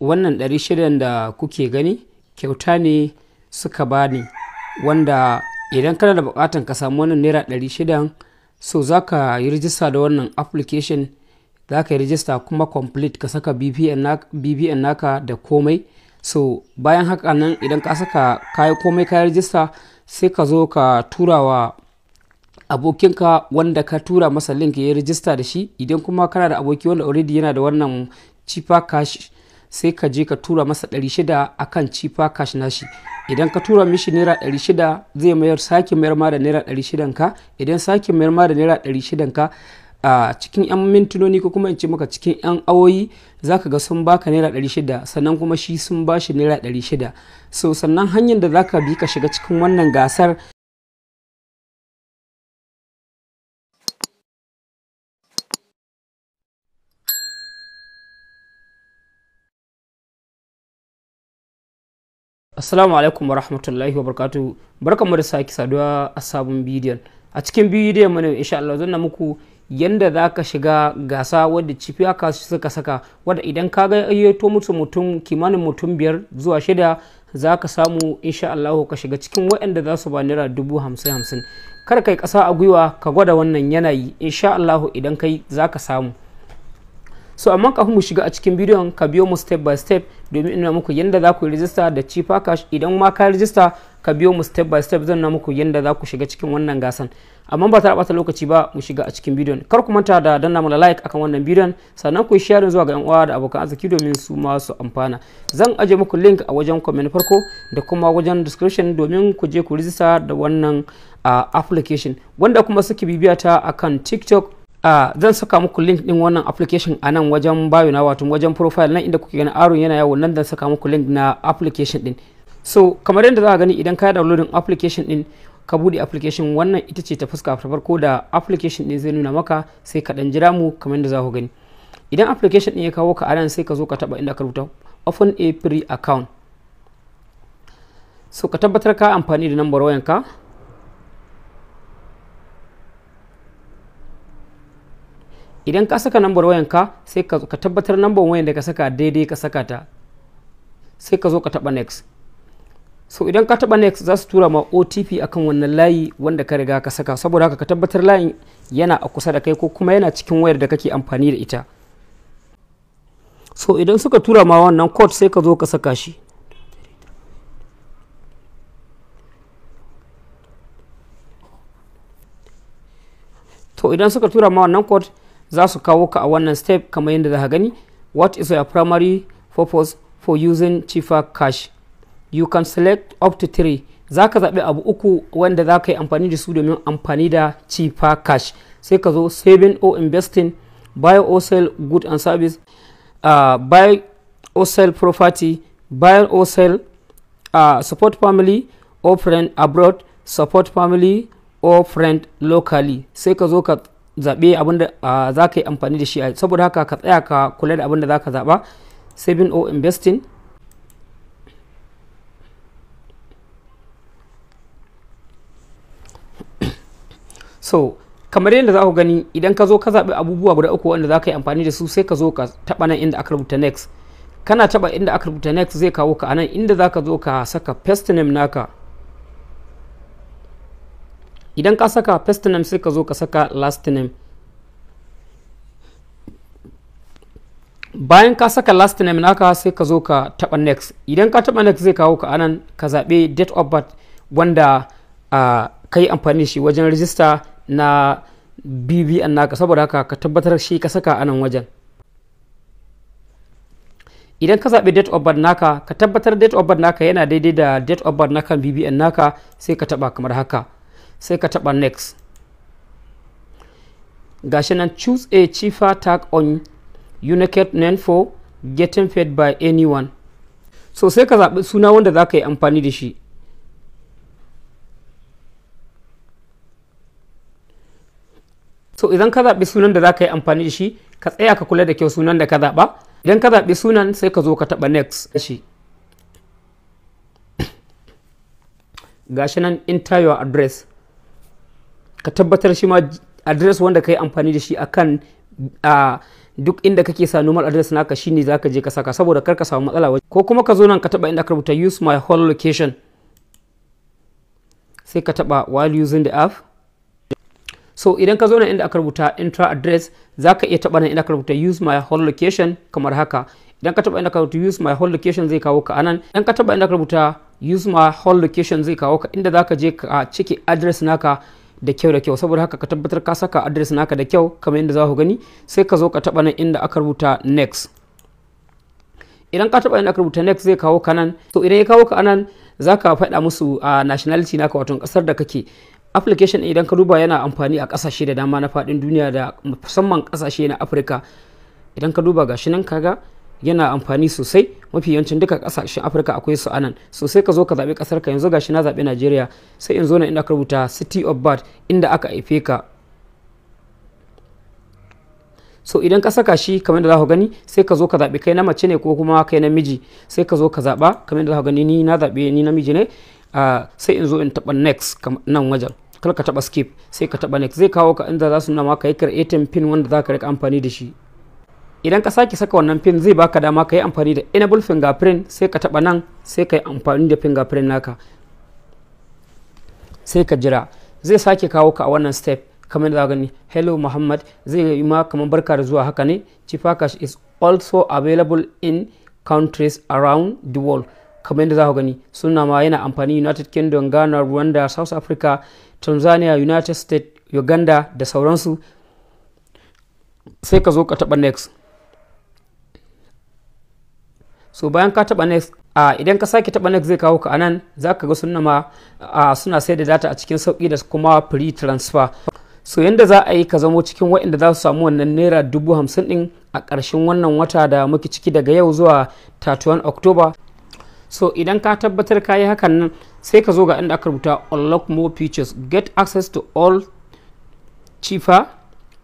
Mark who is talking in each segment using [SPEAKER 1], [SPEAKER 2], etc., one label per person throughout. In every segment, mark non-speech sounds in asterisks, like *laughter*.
[SPEAKER 1] wannan ɗari shirin da kuke gani kyauta ne suka bani wanda idan kana da bukatan ka samu wannan naira shidan so za ka yi rijista da wannan application za ka yi rijista kuma complete ka saka bbn naka da komai so bayan haka nan idan ka saka kayi komai ka rijista sai ka zo ka tura wa abokinka wanda ka tura masa link ya yi rijista da shi idan kuma kana da aboki wanda already yana da wannan cheaper cash sai ka je ka tura masa 600 akan cifa cash nashi idan ka tura mishi naira 600 zai mayar sake mayar ma da naira 600 ka idan sake mayar ma da naira 600 ka a cikin 'yan mintunoni ko kuma in ce maka cikin 'yan awoyi za ka ga sun baka naira 600 sannan kuma shi sun bashi naira 600 so sannan hanyar da za ka bi ka shiga cikin wannan gasar Assalamu alaikum warahmatullahi wabarakatuh. Barkanmu da sake saduwa a sabon bidiyon. A cikin bidiyon mu ne insha Allah zan muku yanda za ka shiga gasa wadda ka suka saka wadda idan ka ga ayyato musu mutum kimanin mutum biyar zuwa shida za ka samu insha Allah ka shiga cikin waɗanda za su ba naira dubu hamsin hamsin kar kai kasa a gwiwa ka gwada wannan yanayi insha Allah idan kai za ka samu so amma kafin mu shiga a cikin bidiyon ka biyo mu step by step domin ina muku yadda za ku yi rijista da cheaper cash idan ma ka rijista ka biyo mu step by step zan na muku yadda za ku shiga cikin wannan gasan amma ba ta bata lokaci ba mu shiga a cikin bidiyon kar ku manta da danna mana like akan wannan bidiyon sannan ku yi sharing zuwa ga yan uwa da abokan arziki domin su ma su amfana zan aje muku link a wajen comment farko da kuma wajen description domin ku je ku rijista da wannan ah, application wanda kuma suke bibiya ta akan TikTok Uh, zan saka muku link din wannan application a nan wajen bayo na wato wajen profile nan inda kuke gani aron yana yawo nan zan saka muku link na application din so kamar yadda za ka gani idan ka downloading application din ka bude application wannan ita ce ta fuska farko da application din zai nuna maka sai ka dan jira mu kamar yadda za ku gani idan application din ya kawo ka anan sai ka zo ka taba inda ka rubuta open a free account so ka tabbatar ka amfani da number wayanka idan ka saka nambar wayanka sai ka tabbatar nambar wayan da ka saka daidai ka saka ta sai ka zo ka taba next so idan ka taba next za su tura ma otp akan wannan layi wanda ka riga ka saka saboda haka ka tabbatar layin yana a kusa da kai ko kuma yana cikin wayar da kake amfani da ita so idan suka tura ma wannan code sai ka zo ka saka shi to idan suka tura ma wannan code za su kawo ka a wannan step kamar yadda za gani what is your primary purpose for using chifa cash you can select up to three za ka zaɓi abu uku wanda za ka yi amfani da su domin amfani da chifa cash sai ka zo saving or investing buy or sell good and service uh, buy or sell property buy or sell uh, support family or friend abroad support family or friend locally sai ka zo ka zaɓe abin da za ka yi amfani da shi a saboda haka ka tsaya ka kula da abin da za ka zaɓa saving or investing *coughs* so kamar yadda za ku gani idan ka zo ka zaɓi abubuwa guda uku wanda za ka yi amfani da su sai ka zo ka taɓa nan inda aka rubuta next kana taɓa inda aka rubuta next zai kawo ka nan inda za ka zo ka saka first name naka idan ka saka first name sai ka zo ka saka last name bayan ka saka last name naka sai ka zo ka taba next idan ka taba next zai kawo ka anan ka zaɓe date of birth wanda uh, ka yi amfani shi wajen rijista na bbn naka saboda haka ka tabbatar shi ka saka anan wajen idan ka zabe date of birth naka ka tabbatar date of birth naka yana daidai da date of birth naka bbn naka sai ka taba kamar haka sai ka taɓa next gashi nan choose a cheaper tag on unicat name for getting paid by anyone so sai ka zaɓi suna wanda za ka yi amfani da shi so idan ka zaɓi sunan da za ka yi amfani da shi ka tsaya ka kula da kyau sunan da ka zaɓa idan ka zaɓi sunan sai ka zo ka taɓa next shi gashi nan enter your address ka tabbatar shi ma address wanda ka yi amfani da shi akan a duk inda kake sa numar address naka shine zaka je ka saka saboda kar ka samu matsala ko kuma ka zo nan ka taba inda ka rubuta use my whole location sai ka taba while using the app so idan ka zo nan inda aka rubuta intra address zaka iya taba nan inda aka rubuta use my whole location kamar haka idan ka taba inda ka rubuta use my whole location zai kawo ka anan idan ka taba inda ka rubuta use my whole location zai kawo ka inda zaka je ka cike address naka da kyau da kyau saboda haka ka tabbatar ka saka adres naka da kyau kamar yadda za ku gani sai ka zo ka taba nan inda aka rubuta next idan ka taba inda aka rubuta next zai kawo ka nan to idan ya kawo ka nan za ka faɗa musu a nationality naka wato kasar da kake application idan ka duba yana amfani a kasashe da dama na faɗin duniya da musamman kasashe na afirka idan ka duba gashi nan kaga yana amfani sosai mafi yawancin duka kasashen afirka akwai su anan sosai ka zo ka zaɓi ƙasar ka yanzu gashi na zaɓi najeriya sai in zo na inda aka rubuta city of birth inda aka haife ka so idan ka saka shi kamar da za gani sai ka zo ka zaɓi kai na mace ne ko kuma kai na miji sai ka zo ka zaɓa kamar da za gani ni na zaɓe ni namiji ne ah, sai in zo in taɓa next nan wajen kar ka taɓa skip sai ka taɓa next zai kawo ka inda za su nuna maka yi creating pin wanda za ka rika amfani da shi idan ka sake saka wannan pin zai baka dama ka yi amfani da enable fingerprint sai ka taba nan sai ka yi amfani da fingerprint naka sai ka jira zai sake kawo ka a wannan step kamar da gani hello muhammad zai yi ma kamar barka da zuwa haka ne chifacash is also available in countries around the world kamar yadda za ku gani suna ma yana amfani united kingdom ghana rwanda south africa tanzania united states uganda da sauransu sai ka zo ka taba next so bayan ka taɓa next a idan ka sake taɓa next zai kawo ka anan za ka ga suna ma suna sai da data a cikin sauƙi da kuma free transfer so yanda za a yi ka zamo cikin waɗanda za su samu wannan naira dubu hamsin ɗin a ƙarshen wannan wata da muke ciki daga yau zuwa 31 october so idan ka tabbatar ka yi hakan nan sai ka zo ga inda aka rubuta unlock more features get access to all cheaper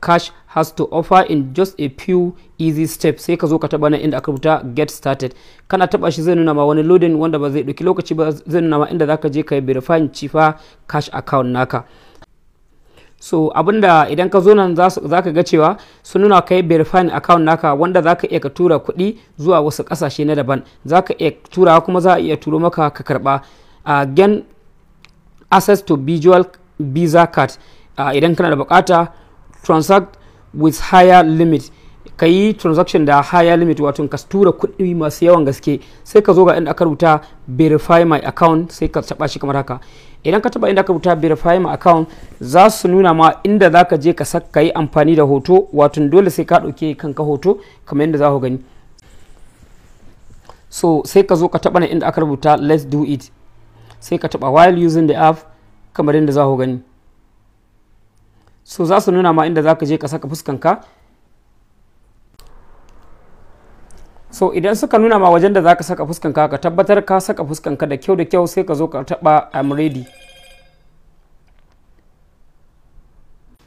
[SPEAKER 1] cash has to offer in just a few easy steps sai ka zo ka taba nan inda aka rubuta get started kana taba shi zai nuna ma wani loading wanda ba zai dauki lokaci ba zai nuna ma inda zaka je ka verify cifa cash account naka so abinda idan ka zo nan za ka ga cewa su nuna kai yi verifying account naka wanda za ka iya ka tura kuɗi zuwa wasu kasashe na daban za ka iya tura kuma za a iya turo maka ka karɓa uh, again access to visual visa card idan kana da bukata transact with higher limit ka yi transaction da higher limit wato ka tura kuɗi masu yawan gaske sai ka zo ga inda aka rubuta verify my account sai ka taba shi kamar haka idan ka taba inda aka rubuta verify my account za su nuna ma inda za ka je ka saka yi amfani da hoto wato dole sai ka ɗauke kanka hoto kamar yadda za ku gani so sai ka zo ka taba inda aka rubuta let's do it sai ka taba while using the app kamar yadda za ku gani so za su nuna ma inda za ka je ka saka fuskanka so idan suka nuna ma wajen da za ka saka fuskanka ka tabbatar ka saka fuskanka da kyau da kyau sai ka zo ka taba i'm ready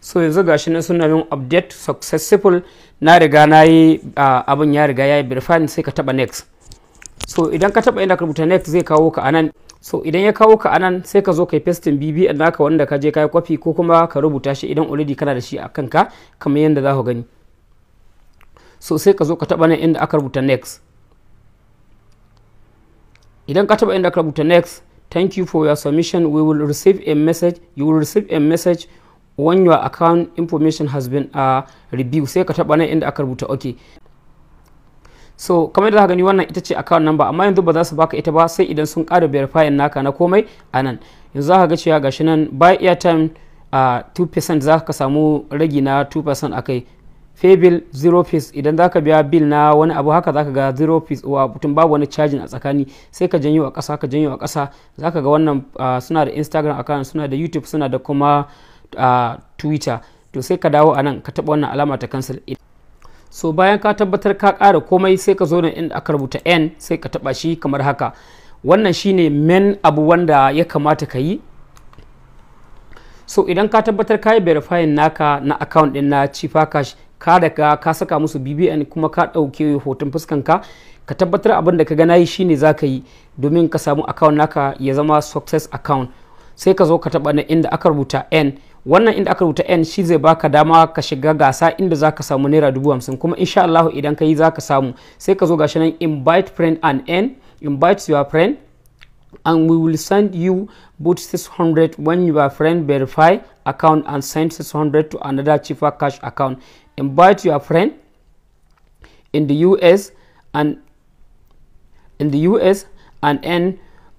[SPEAKER 1] so yanzu gashi na suna min update successful na riga na yi abin ya riga ya yi verify sai ka taba next so idan ka taba inda ka rubuta next zai kawo ka anan so idan ya kawo ka anan sai ka zo kai pasting bbn naka wanda ka je kai kwafi ko kuma ka rubuta shi idan already kana da shi a kanka kamar yadda za ku gani so sai ka zo ka taba nan inda aka rubuta next idan ka taba inda aka rubuta next thank you for your submission we will receive a message you will receive a message when your account information has been uh, reviewed sai ka taba nan inda aka rubuta okay so kamar da gani wannan ita ce account number amma yanzu ba za su baka ita ba sai idan sun ƙara verify naka na komai a nan yanzu za ka ga cewa gashi nan buy airtime a 2% za ka samu ragi na 2% akai pay bill zero fees idan ka biya bill na wani abu haka za ka ga zero fees wa mutum babu wani charging a tsakani sai ka janyo a ƙasa ka janyo a ƙasa ka ga wannan uh, suna da instagram account suna da youtube suna da kuma uh, twitter to sai ka dawo a nan ka taɓa wannan alama ta cancel so bayan ka tabbatar ka kara komai sai ka zo da inda aka rubuta n sai ka taba shi kamar haka wannan shine men abu wanda ya kamata ka yi so idan ka tabbatar ka yi verifying naka na account din na chifa cash ka daga ka saka musu bbn kuma ka ɗauke hoton fuskan ka ka tabbatar abin da ka gana yi shine za ka yi domin ka samu account naka ya zama success account sai ka zo ka taba na inda aka rubuta n wannan inda aka rubuta n shi zai baka dama ka shiga gasa inda zaka samu naira dubu hamsin kuma insha allahu idan ka yi zaka samu sai ka zo gashi nan invite friend and n invite your friend and we will send you both 600 when your friend verify account and send 600 to another cheaper cash account invite your friend in the US and in the US and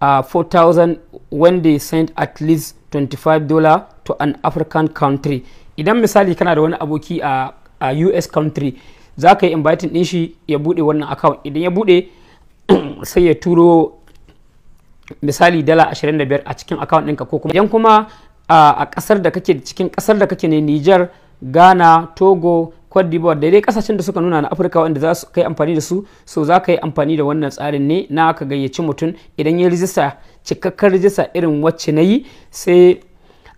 [SPEAKER 1] uh, 4,000 when they send at least 25 dollar to an african country idan misali kana da wani aboki a us country za ka yi inviting din shi ya bude wannan account idan ya bude *clears throat* sai ya turo misali dala 25 a cikin account ɗinka ko kuma idan kuma a kasar da kake cikin kasar da kake ne niger ghana togo Côte d'Ivoire daidai kasashen da suka nuna na Afirka wanda za su kai amfani da su so za ka yi amfani da wannan tsarin ne na ka gayyaci mutum idan ya rijista cikakkar rijista irin wacce na yi sai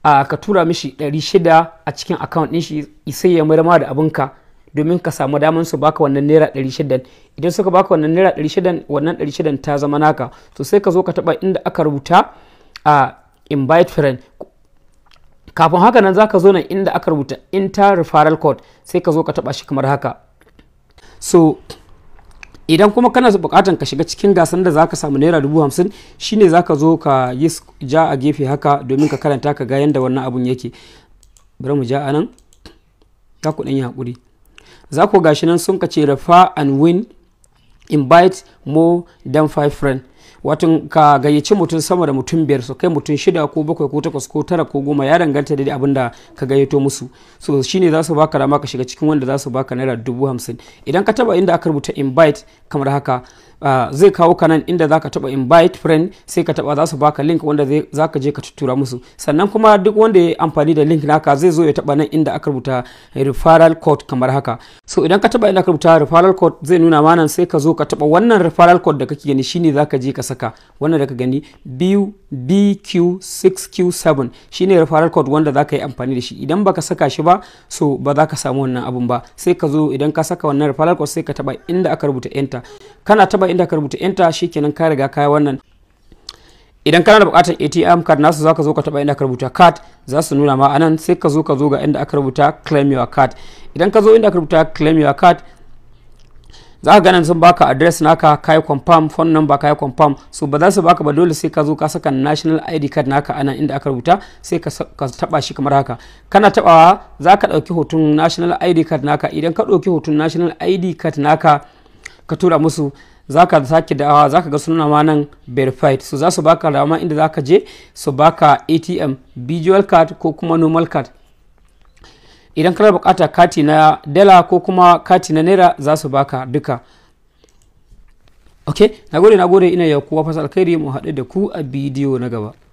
[SPEAKER 1] ka tura mishi 600 a cikin account ɗin shi sai ya murma da abinka domin ka samu daman su baka wannan naira 600 idan suka baka wannan naira 600 wannan 600 ta zama naka to sai ka zo ka taba inda aka rubuta a invite friend kafin haka nan zaka zo na inda aka rubuta inter referral code sai ka zo ka taba shi kamar haka so idan kuma kana bukatan ka shiga cikin gasar da zaka samu naira dubu hamsin shine zaka zo ka yi ja a gefe haka domin ka karanta ka ga yanda wannan abun yake bari mu ja nan ta ku yi hakuri za ku gashi nan sun ka ce rafa and win invite more than five friends wato ka gayyaci mutum sama da mutum biyar su kai mutum shida ko bakwai ko takwas ko tara ko goma ya danganta da abin da ka gayyato musu so shine za su baka dama ka shiga cikin wanda za su baka naira dubu hamsin idan ka taba inda aka rubuta invite kamar haka zai kawo ka nan inda zaka taba invite friend sai ka taba za su baka link wanda zaka je ka tuttura musu sannan kuma duk wanda ya amfani da link naka zai zo ya taba nan inda aka rubuta referral code kamar haka so idan ka taba inda aka rubuta referral code zai nuna ma nan sai ka zo ka taba wannan referral code da kake gani shine zaka je ka saka wannan da ka gani biyu bq6q7 shine referral code wanda za ka yi amfani da shi idan baka saka shi ba so ba za ka samu wannan abun ba sai ka zo idan ka saka wannan referral code sai ka taba inda aka rubuta enter kana taba inda aka rubuta enter shikenan ka riga ka yi wannan idan kana da bukatar atm card nasu ka zo ka taba inda aka rubuta card za su nuna ma anan sai ka zo ka zo ga inda aka rubuta claim your card idan ka zo inda aka rubuta claim your card za ka ganin sun baka address naka kai confirm phone number kai confirm so ba za su baka ba dole sai ka zo ka saka national id card naka anan inda aka rubuta sai ka taba shi kamar haka kana tabawa za ka dauki hoton national id card naka idan ka dauki hoton national id card naka ka tura musu za ka sake dawa za ka ga suna ma nan verified so za su baka rama inda za ka je su baka atm visual card ko kuma normal card idan kana bukata kati na dala ko kuma kati na naira za su baka duka ok nagode nagode ina yau kowa fasa alkhairi mu haɗu da ku a bidiyo na gaba